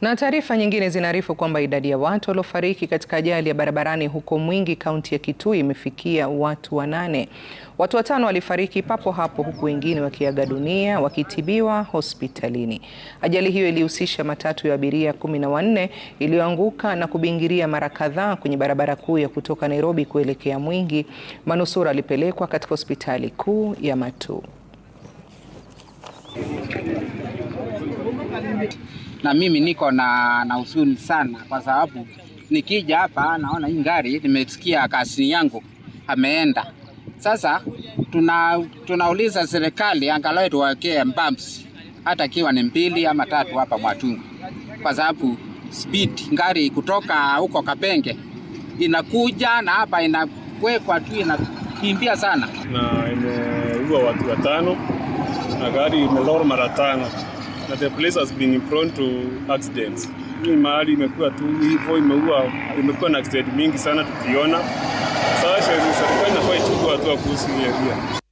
Na taarifa nyingine zinaarifu kwamba idadi ya watu waliofariki katika ajali ya barabarani huko Mwingi, kaunti ya Kitui imefikia watu wanane. Watu watano walifariki papo hapo huku wengine wakiaga dunia wakitibiwa hospitalini. Ajali hiyo ilihusisha matatu ya abiria kumi na wanne iliyoanguka na kubingiria mara kadhaa kwenye barabara kuu ya kutoka Nairobi kuelekea Mwingi. Manusura alipelekwa katika hospitali kuu ya Matuu na mimi niko na, na usuni sana kwa sababu nikija hapa naona hii gari nimesikia kasi yangu ameenda. Sasa tuna, tunauliza serikali angalau tuwekee bumps hata kiwa ni mbili ama tatu hapa Mwatungu, kwa sababu speed gari kutoka huko Kapenge inakuja na hapa inawekwa tu inakimbia sana, na imeua watu watano na gari imelor mara tano na the place has been prone to accidents. Hii mahali imekuwa tu hivyo, imeua imekuwa na accident mingi sana tukiona. Sasa serikali inafaa ichukue hatua kuhusu hii area.